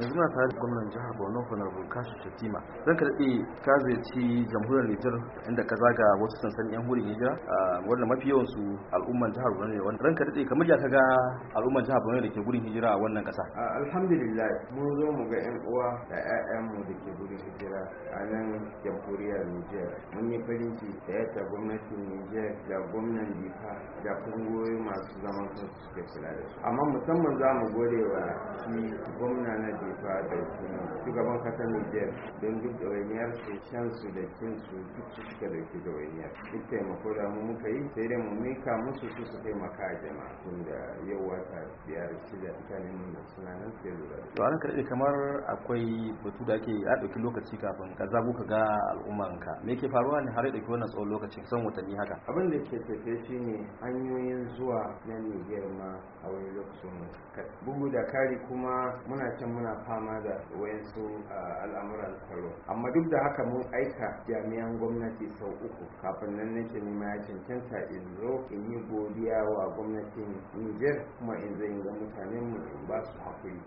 yanzu na tare da gwamnan jihar borno honorable kasu shatima zan ka daɗe ka ci jamhuriyar nijar inda ka zaga wasu sansanin yan hurin hijira wanda mafi yawan su al'umman jihar borno ne wani. ranka daɗe kamar ya kaga al'umman jihar borno da ke gudun hijira a wannan ƙasa. alhamdulillah mun zo mu ga yan uwa da mu da ke gudun hijira a nan jamhuriyar nijar mun yi farin ciki da yadda gwamnatin nijar da gwamnan jifa da kungiyoyi masu zaman kansu suke kula da su amma musamman za mu gode wa shi gwamna na sanctified shugaban kasar nijar don duk ɗawainiyar shan su da cin su duk su suka da ɗawainiyar duk taimako da mu muka yi sai dai mu mika musu su su taimaka a jama'a tun da yau wata biyar shida ne mu suna nan sai lura to an karɗe kamar akwai batu da ake a ɗauki lokaci kafin ka zabu ka ga ka. me ke faruwa ne har ya ɗauki wannan tsawon lokaci son watanni haka abin da ke tafe shi ne hanyoyin zuwa na nijar ma a wani lokacin bugu da kari kuma muna can muna fama da wayan A al'amuran tsaro amma duk da haka mun aika jami'an gwamnati sau uku kafin nan nake nema ya cancanta in zo in yi godiya wa gwamnatin niger kuma in zai ga mutanen mu in ba su hakuri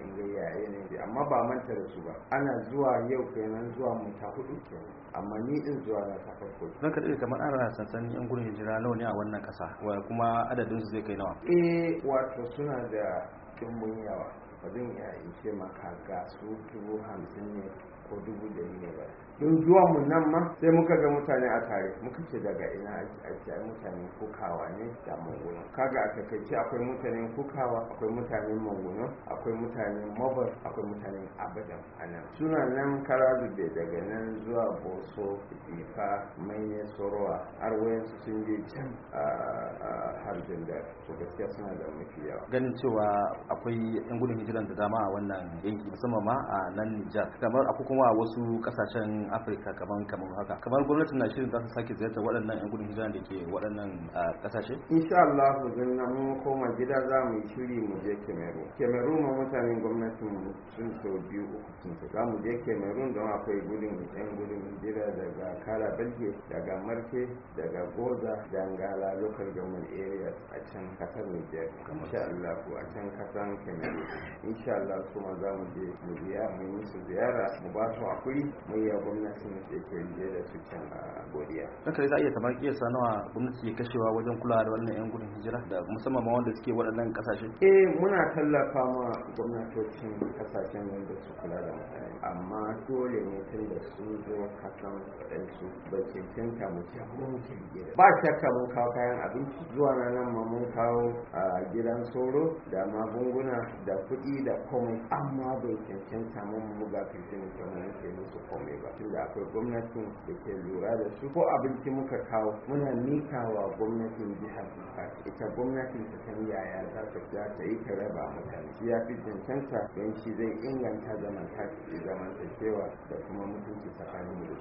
in ga yaya ne amma ba manta da su ba ana zuwa yau kenan zuwa mu ta hudu kenan amma ni din zuwa na ta farko zan ka dace kamar an rana sansanin yan gurin hijira nawa ne a wannan kasa kuma adadin su zai kai nawa eh wato suna da mun yawa ba zan iya in ce maka ga su dubu hamsin ne ko dubu da ne ba don zuwan mu nan ma sai muka ga mutane a tare muka ce daga ina ake a mutanen kukawa ne da manguno kaga a takaice akwai mutanen kukawa akwai mutanen manguno akwai mutanen mabar akwai mutanen abadan a nan suna nan karazu da daga nan zuwa boso ifa mai sorowa har wayansu sun je can harjin da to gaskiya suna da mafi yawa ganin cewa akwai yan gudun hijiran da dama a wannan yanki musamman ma a nan Nijar kamar akwai kuma wasu kasashen afirka kamar kamar haka kamar gwamnatin na shirin za su sake ziyartar waɗannan yan gudun hijira da ke waɗannan ah, kasashe insha Allah zan mu ko gida za mu yi shiri mu je cameroon cameroon ma mutanen gwamnatin sun so biyu uku sun so za mu je cameroon don akwai gudun yan gudun gida daga kala belge daga marke daga goza dangala local government area a can kasar niger insha allah ko a can kasar cameroon insha allah kuma za mu je mu biya mu yi su ziyara mu ba su hakuri mu yi gwamnatin da ke je da su can a godiya. Kan za a iya kamar kiyasa nawa gwamnati ke kashewa wajen kulawa da wannan 'yan gudun hijira da musamman ma wanda suke waɗannan kasashen eh muna tallafa ma gwamnatocin kasashen wanda su kula da mutane amma dole ne tun da su zo kasan waɗansu ba cancanta mu ci mun ba shakka mun kawo kayan abinci zuwa na nan ma mun kawo a gidan sauro da magunguna da kuɗi da komai amma bai cancanta mun mu ga kirkin mun ke musu komai ba tunda akwai gwamnatin da ke lura da su ko abinci muka kawo muna mikawa gwamnatin jihar ita gwamnatin ta yaya za ta ja ta yi ta raba haka shi ya fi cancanta don shi zai inganta zaman zamantakewa da kuma mutunci tsakanin da